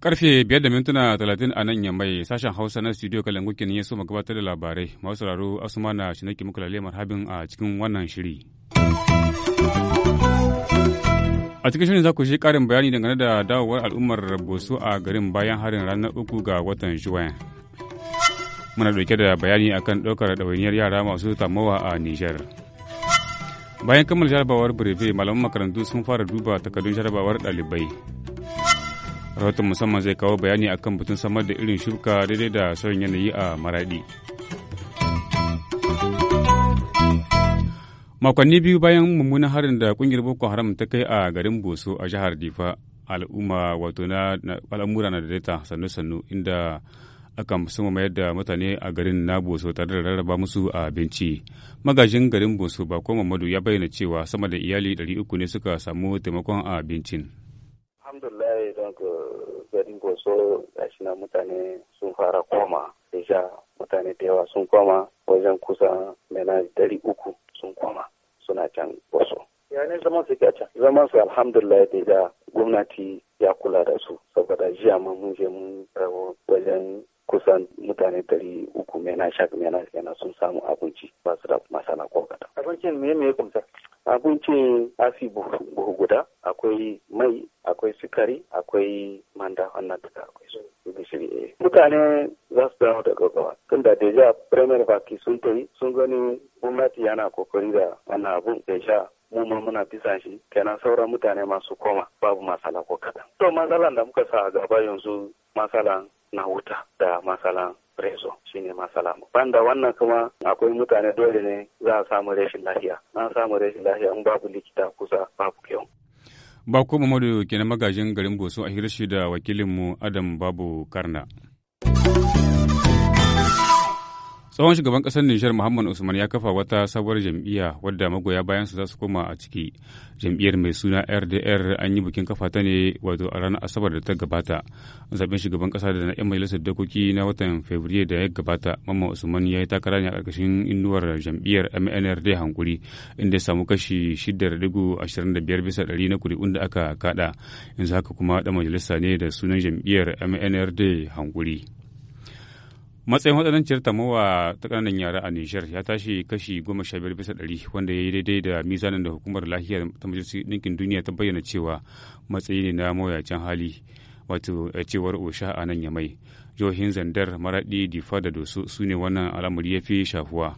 Karfe biyar da mintuna talatin a nan yamai sashen Hausa na studio Kalangu kenan ya suma gabatar da labarai. Masu sauraro Asuma na shinaki muku lalle marhabin a cikin wannan shiri. a cikin shirin za ku shi karin bayani dangane da dawowar al'ummar boso a garin bayan harin ranar uku ga watan juwan muna dauke da bayani akan ɗaukar ɗawainiyar yara masu tamowa a Nijar. Bayan kammala jarabawar birebe malaman makarantu sun fara duba takardun jarabawar ɗalibai. Rahoton musamman zai kawo bayani akan batun samar da irin shuka daidai da sauyin yanayi a Maradi. makonni biyu bayan mummunan harin da kungiyar boko haram ta kai a garin boso a jihar difa al'umma wato na al'amura na da sannu-sannu inda akan musamman mayar da mutane a garin na boso tare da rarraba musu abinci magajin garin boso bako mamadu ya bayyana cewa sama da iyali 300 ne suka samu taimakon abincin alhamdulillah don garin boso gashi na mutane sun fara koma deja mutane da yawa sun koma wajen kusa mena 300 sun koma suna can boso ya ne zaman su can zaman su alhamdulillah deja gwamnati ya kula da su saboda jiya mun je mun wajen kusan mutane dari uku mena shak mena kenan sun samu abinci ba su da masana ko Abincin me me kumsa? Abincin asi buhu guda akwai mai akwai sukari akwai manda wannan duka akwai su eh. Mutane za su dawo da gaggawa tun da deja premier baki sun tafi sun gani gwamnati yana kokari da wannan abun deja mu ma muna bisa shi kenan sauran mutane masu koma babu masala ko kaɗan. To matsalan da muka sa a gaba yanzu matsalan na wuta da masalan rezo shine masala banda wannan kuma akwai mutane dole ne za a samu rashin lafiya an samu rashin lafiya in babu likita kusa babu kyau ba ku mamadu kenan magajin garin boso a hirshi da wakilinmu adam babu karna tsohon shugaban kasar nijar muhammad usman ya kafa wata sabuwar jam'iyya wadda magoya bayan su za su koma a ciki jam'iyyar mai suna rdr an yi bikin kafa ta ne wato a ranar asabar da ta gabata zaben shugaban kasa da na 'yan majalisar dokoki na watan fabrairu da ya gabata mamman usman ya yi takara ne a ƙarƙashin inuwar jam'iyyar mnrd hankuri inda ya samu kashi 6.25 bisa ɗari na kuri'un da aka kaɗa yanzu haka kuma ɗan majalisa ne da sunan jam'iyyar mnrd hankuri. matsayin matsananciyar tamowa ta kananan yara a nijar ya tashi kashi goma sha biyar bisa ɗari wanda ya yi daidai da mizanin da hukumar lafiya ta majalisar ɗinkin duniya ta bayyana cewa matsayi ne na mawuyacin hali wato eh, cewar osha a nan yamai johin zandar maraɗi difa da dosu su ne wannan al'amari ya fi shafuwa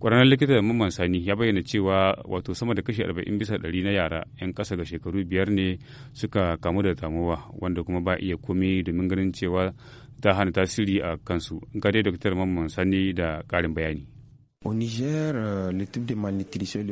ƙwararren likita mamman sani ya bayyana cewa wato sama da kashi arba'in bisa ɗari na yara 'yan ƙasa ga shekaru biyar ne suka kamu da tamowa wanda kuma ba iya komi domin ganin cewa ta hana tasiri a kansu. Gade Dr. Mamman Sani da ƙarin bayani. Euh,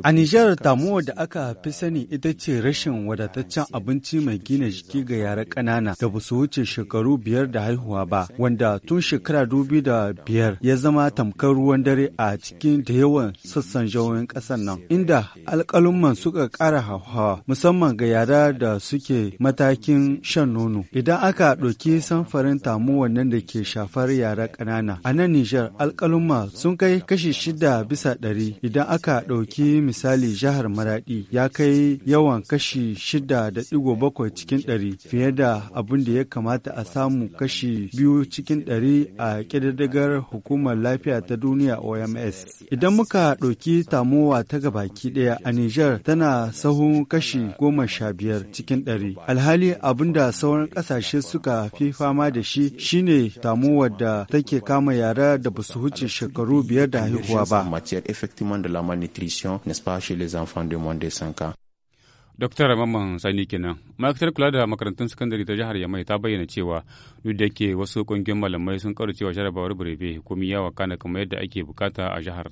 a Nijar damuwa da aka fi sani ita ce rashin wadataccen abinci mai gina jiki ga yara kanana da ba su wuce shekaru biyar da haihuwa ba, wanda tun shekara dubi da biyar ya zama tamkar ruwan dare a cikin da yawan sassan jawoyin ƙasar nan, inda alƙalumman suka ƙara hauhawa musamman ga yara da suke matakin shan nono. Idan aka ɗauki samfarin tamuwan nan da ke shafar yara ƙanana, a nan Nijar alƙalumma sun kai kashi shida da bisa ɗari idan aka ɗauki misali jihar Maraɗi ya kai yawan kashi shida da ɗigo bakwai cikin ɗari fiye da abin da ya kamata a samu kashi biyu cikin ɗari a ƙididdigar hukumar lafiya ta duniya OMS. Idan muka ɗauki tamowa ta gabaki ɗaya a Nijar tana sahun kashi goma sha biyar cikin ɗari. Alhali abin da sauran ƙasashe suka fi fama da shi shine tamuwar da take kama yara da basu huce shekaru biyar da haihuwa ba. en matière effectivement de la malnutrition, n'est-ce pas, chez les enfants de moins de 5 ans. Doktar Maman Sani kenan. Ma'aikatar kula da makarantun sakandare ta jihar Yamai ta bayyana cewa duk da ke wasu kungiyoyin malamai sun karu cewa jarabawar birebe komi ya wakana kamar yadda ake bukata a jihar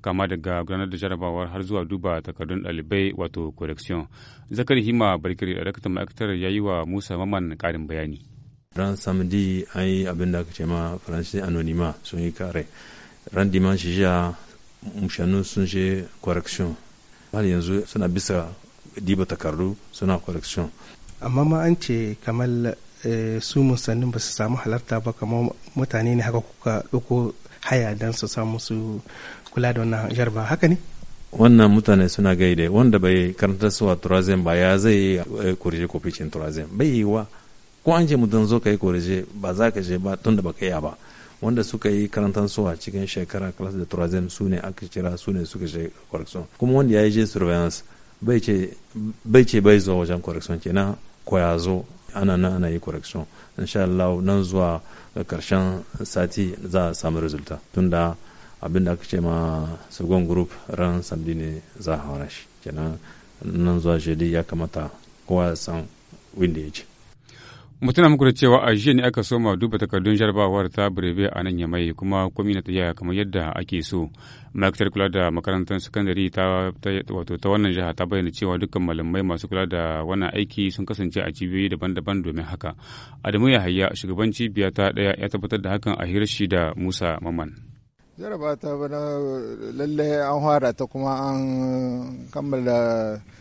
kama daga gudanar da jarabawar har zuwa duba takardun ɗalibai wato correction. Zakari Hima Barkiri da daktar ma'aikatar ya yi wa Musa maman karin bayani. Ran samdi an yi abin da aka ce ma Faransi Anonima sun yi kare. ran dimanshi jiya mushanu correction har yanzu suna bisa diba takardu suna correction amma ma an ce kamar eh, su musannin ba su samu halarta ba kamar mutane ne haka kuka ɗauko haya don su samu su kula da wannan jarba haka ne wannan mutane suna gaida wanda bai karanta suwa turazin ba ya zai kurje koficin turazin bai yi wa ko an ce mutum zo ka yi kurje ba za ka je ba tun da ba ka yi ba wanda suka yi karantar suwa cikin shekara class de troisième su ne aka kira su ne suka je correction kuma wanda ya yi je surveillance bai ce bai zuwa wajen correction kenan nan koya zo ana nan ana yi correction insha Allah nan zuwa karshen sati za a samu resulta tunda abin da aka ce ma second group ran sandi ne za a hawa shi kenan nan zuwa jeli ya kamata kowa san wanda ya ce mu tuna muku da cewa a ne aka soma duba takardun jarabawar ta birebe a nan ya mai kuma kwamina ta yaya kamar yadda ake so ma'aikatar kula da makarantar sakandare ta wato ta wannan jiha ta bayyana cewa dukkan malamai masu kula da wannan aiki sun kasance a cibiyoyi daban-daban domin haka adamu yahaya shugaban cibiya ta ɗaya ya tabbatar da hakan a hirshi da musa maman jaraba ta bana lalle an fara ta kuma an kammala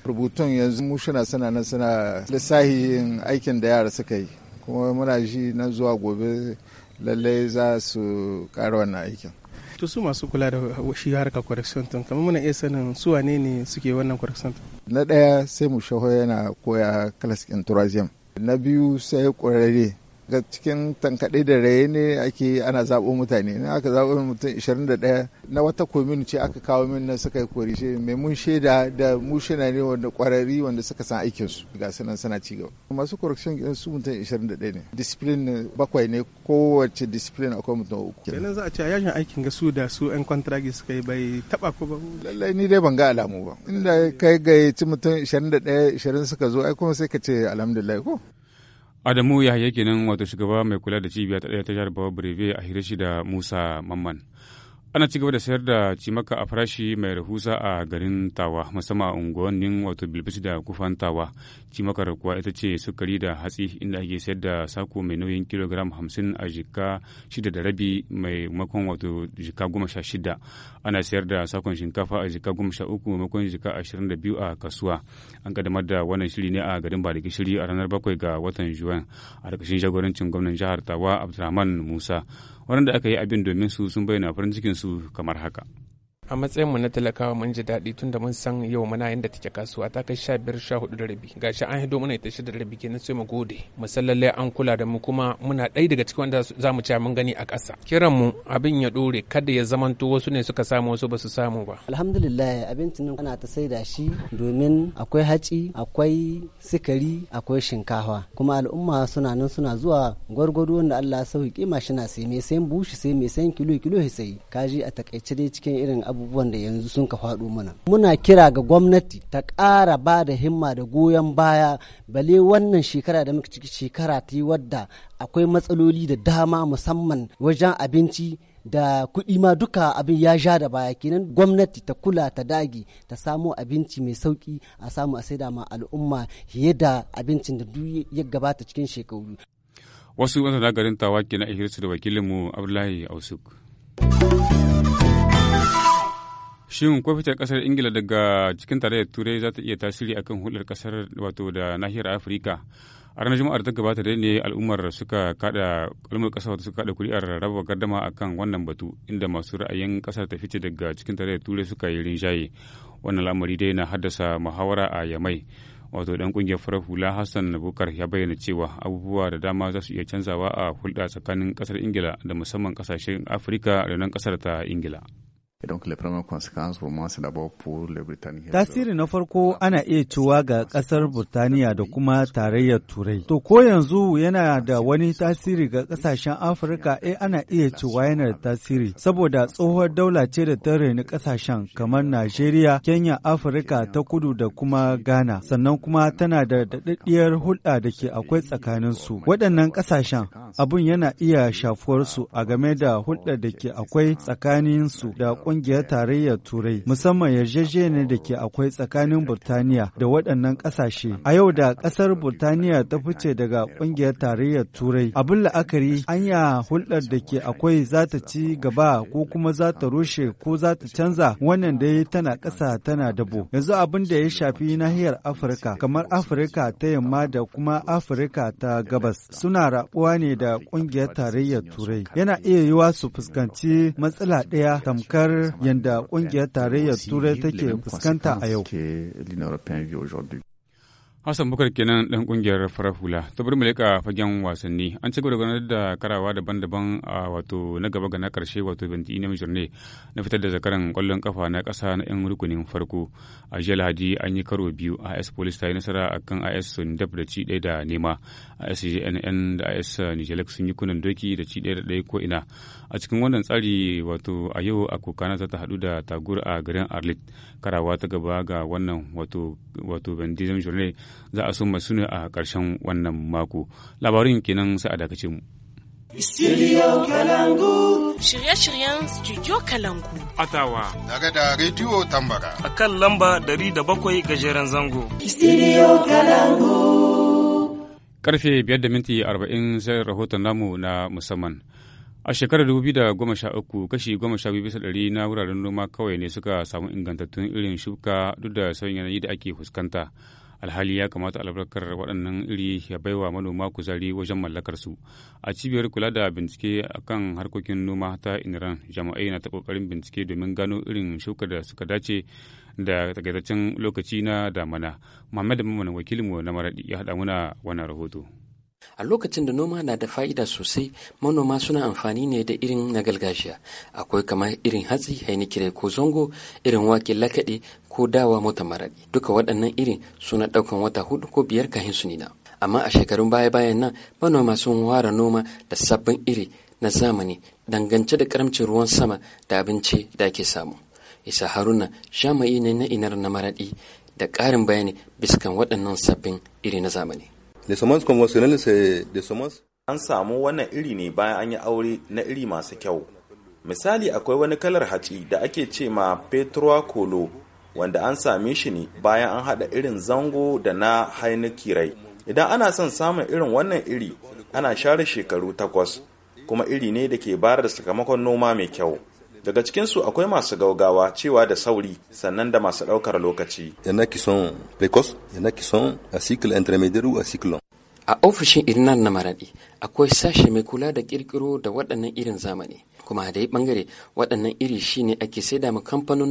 rubutun yanzu mu suna nan suna lissahin aikin da yara suka yi kuma muna ji nan zuwa gobe lalle za su ƙara wannan aikin to su masu kula da shi harkar correction tun kamar muna iya sanin su wane ne suke wannan correction na ɗaya sai mu shaho yana koya class in tourism na biyu sai ƙwararre ga cikin tankaɗe da raye ne ake ana zaɓo mutane na aka zaɓo mutum 21 na wata community aka kawo min nan suka yi kori shi mai mun shaida da mu shina ne wanda ƙwararri wanda suka san aikin su ga sunan sana suna cigaba masu correction su mutum 21 ne discipline bakwai ne kowace discipline akwai mutum uku kenan za a ce yashin aikin ga su da su yan kwantiragi suka yi bai taɓa ko ba lallai ni dai ban ga alamu ba inda kai gayyaci mutum 21 20 suka zo ai kuma sai ka ce alhamdulillah ko Adamu ya kenan wato shugaba mai kula da cibiya ta ɗaya ta jihar Bawa a hirashi da Musa Mamman. ana cigaba da sayar da cimaka a farashi mai rahusa a garin tawa musamman a unguwannin wato bilbis da kufan tawa cimakar kuwa ita ce sukari da hatsi inda ake sayar da sako mai nauyin kilogram hamsin a jika shida da rabi mai makon wato jika goma sha shida ana sayar da sakon shinkafa a jika goma sha uku maimakon jika ashirin da biyu a kasuwa an kaddamar da wannan shiri ne a garin bariki shiri a ranar bakwai ga watan juwan a ƙarƙashin jagorancin gwamnan jihar tawa abdulrahman musa waɗanda aka yi abin domin su sun bayyana farin cikin su kamar haka. a matsayin mu na talakawa mun ji daɗi tun da mun san yau muna yadda take kasuwa ta kai sha biyar sha hudu da rabi gashi an hido mana ita shida da rabi kenan sai mu gode musallallai an kula da mu kuma muna ɗaya daga cikin wanda za mu mun gani a ƙasa kiran mu abin ya ɗore kada ya zamanto wasu ne suka samu wasu ba su samu ba alhamdulillah abincin nan ana ta saida shi domin akwai haci akwai sikari akwai shinkafa kuma al'umma suna nan suna zuwa gwargwado wanda Allah ya sauki kima shi sai mai sayan bushi sai mai sayan kilo kilo sai kaji a takaice dai cikin irin abu. abubuwan da yanzu sun ka faɗo mana muna kira ga gwamnati ta ƙara ba da himma da goyon baya bale wannan shekara da muka ciki shekara ta yi wadda akwai matsaloli da dama musamman wajen abinci da kuɗi ma duka abin ya sha da baya kenan gwamnati ta kula ta dage ta samo abinci mai sauki a samu a saida ma al'umma fiye da abincin da duk ya gabata cikin shekaru. Wasu masana garin tawa kenan a da wakilinmu Abdullahi Ausuk. Shin kwafitar kasar Ingila daga cikin tarayyar Turai za ta iya tasiri akan hulɗar kasar wato da nahiyar Afirka? A ranar Juma'ar ta gabata dai ne al'ummar suka kada al'ummar kasar suka kada kuri'ar raba gardama akan wannan batu inda masu ra'ayin kasar ta fice daga cikin tarayyar Turai suka yi rinjaye. Wannan lamari dai na haddasa muhawara a Yamai. Wato dan kungiyar farar hula Hassan Bukar ya bayyana cewa abubuwa da dama za su iya canzawa a hulɗa tsakanin kasar Ingila da musamman kasashen Afirka da nan kasar ta Ingila. Tasiri na farko ana iya cewa ga ƙasar Burtaniya da kuma tarayyar Turai. To ko yanzu yana da wani tasiri ga ƙasashen Afirka eh ana iya cewa yana da tasiri saboda tsohuwar daula ce da ta raini ƙasashen kamar Najeriya, Kenya, Afirka ta kudu da kuma Ghana. Sannan kuma tana da daɗaɗɗiyar hulɗa da ke akwai tsakaninsu. Waɗannan ƙasashen abun yana iya su a game da hulɗar da ke akwai tsakaninsu da ƙungiyar tarayyar Turai, musamman yarjejeniyar da ke akwai tsakanin Burtaniya da waɗannan ƙasashe. A yau da ƙasar Burtaniya ta fice daga ƙungiyar tarayyar Turai, abin la'akari anya hulɗar da ke akwai za ta ci gaba ko kuma za ta rushe ko za ta canza wannan dai tana ƙasa tana dabo. Yanzu abin da ya shafi nahiyar Afirka, kamar Afirka ta yamma da kuma Afirka ta gabas, suna rabuwa ne da ƙungiyar tarayyar Turai. Yana iya yiwa su fuskanci matsala ɗaya tamkar yadda ƙungiyar tarayyar Turai take fuskanta a yau. Hassan Bukar kenan ɗan ƙungiyar farar hula. Ta bari mu fagen wasanni. An ci gaba da karawa daban-daban a wato na gaba ga na ƙarshe wato 21 Journey na fitar da zakaran ƙwallon kafa na ƙasa na 'yan rukunin farko. A jiya Lahadi an yi karo biyu a AS Police ta yi nasara a is AS Sundab da ci ɗaya da nema. a JNN da is Nijelek sun yi kunan doki da ci ɗaya da ɗaya ko ina. A cikin wannan tsari wato a yau a kokana za ta haɗu da tagur a garin Arlit. Karawa ta gaba ga wannan wato wato 21 Journey za a summa su ne a ƙarshen wannan mako labarin kenan sai a dakace mu Studio Kalangu. Shirye-shiryen Studio Kalangu. Atawa. Daga da Radio Tambara. A kan lamba dari da bakwai gajeren zango. Studio Kalangu. Karfe biyar da minti arba'in sai rahoton namu na musamman. A shekarar uku kashi biyu bisa ɗari na wuraren noma kawai ne suka samu ingantattun irin shuka duk da sauyin yanayi da ake fuskanta. alhali ya kamata albarkar waɗannan iri ya baiwa manoma kuzari wajen mallakar su a cibiyar kula da bincike akan harkokin noma ta iniran jama'ai na ta kokarin bincike domin gano irin shuka da suka dace da takaitaccen lokaci na damana muhammadu mamman wakilinmu na maradi ya haɗa muna wannan rahoto A lokacin da noma na da fa'ida sosai, manoma suna amfani ne da irin na gargajiya. Akwai kamar irin hatsi, kire ko zango, irin wake lakaɗe ko dawa mota maraɗi. Duka waɗannan irin suna ɗaukan wata hudu ko biyar kahin su nina. Amma a shekarun baya-bayan nan, manoma sun ware noma da sabbin iri na zamani dangance da karamcin ruwan sama da abinci da ake samu. Isa Haruna shamayi ne na inar na maraɗi da ƙarin bayani biskan waɗannan sabbin iri na zamani. Les semences conventionnelles, c'est eh, des An samu wannan iri ne bayan an yi aure na iri masu kyau. Misali akwai wani kalar hatsi da ake ce ma Petroa Kolo wanda an same shi ne bayan an haɗa irin zango da na haini kirai. Idan ana son samun irin wannan iri, ana share shekaru takwas, kuma iri ne da ke bayar da sakamakon noma mai kyau. daga cikinsu akwai masu gaugawa cewa da sauri sannan da masu ɗaukar lokaci. Yana ki son yana ki a cycle intermediate a cycle A ofishin irinan na maraɗi akwai sashe mai kula da kirkiro da waɗannan irin zamani. Kuma da yi ɓangare waɗannan iri shine ake saida ma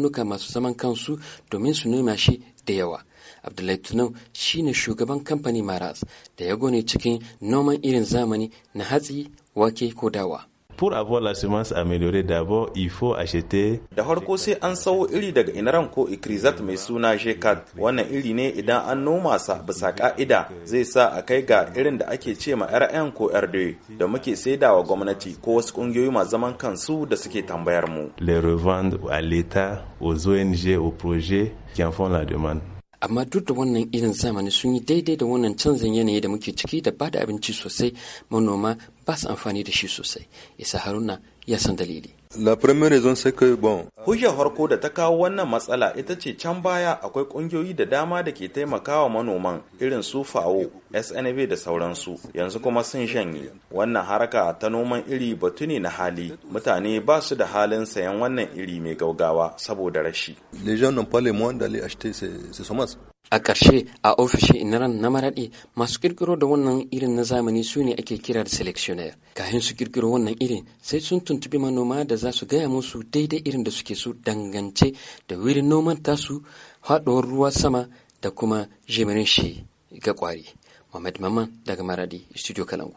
nuka masu zaman kansu domin su noma shi da yawa. Abdullahi Tunau shine shugaban kamfani Maras da ya gone cikin noman irin zamani na hatsi, wake ko dawa. pour avoir la semence améliorée d'abord il faut acheter da harko sai an sawo iri daga inaran ko ikrizat mai suna jekat wannan iri ne idan an noma sa bisa ka'ida zai sa a kai ga irin da ake ce ma rn ko rd da muke saidawa gwamnati ko wasu kungiyoyi masu zaman kansu da suke tambayar mu les revendre à l'état aux ONG au projet qui en font la demande amma duk da wannan irin zamani sun yi daidai da wannan canzan yanayi da muke ciki da bada abinci sosai manoma ba su amfani da shi sosai isa haruna ya san dalili La première raison c'est que bon. Hujjar farko da ta kawo wannan matsala ita ce can baya akwai kungiyoyi da dama da ke taimakawa manoman irin su FAO, snv da sauransu. Yanzu kuma sun shanye. Wannan haraka ta noman iri batu ne na hali. Mutane ba su da halin sayan wannan iri mai gaugawa saboda rashi. Les gens n'ont pas les moyens d'aller acheter ces semences. a ƙarshe a ofishin inaran na maraɗi masu ƙirƙiro da wannan irin na zamani su ne ake kira da selectioner kahin su ƙirƙiro wannan irin sai sun tuntubi manoma da za su gaya musu daidai irin da suke su dangance da wurin noman tasu haɗuwar ruwa sama da kuma jimirin shi ga ƙwari Muhammad Maman daga Maradi, Studio Kalangu.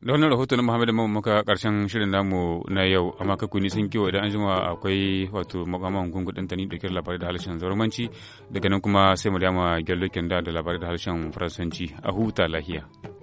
da wannan rahoton na muhammadu mamu muka karshen shirin namu na yau amma ka kuni sun kiwo idan an jima akwai wato makaman gungun ta ni da labarai da harshen zarumanci daga nan kuma sai mu dama gyallokin da da labarai da halshen faransanci a huta lahiya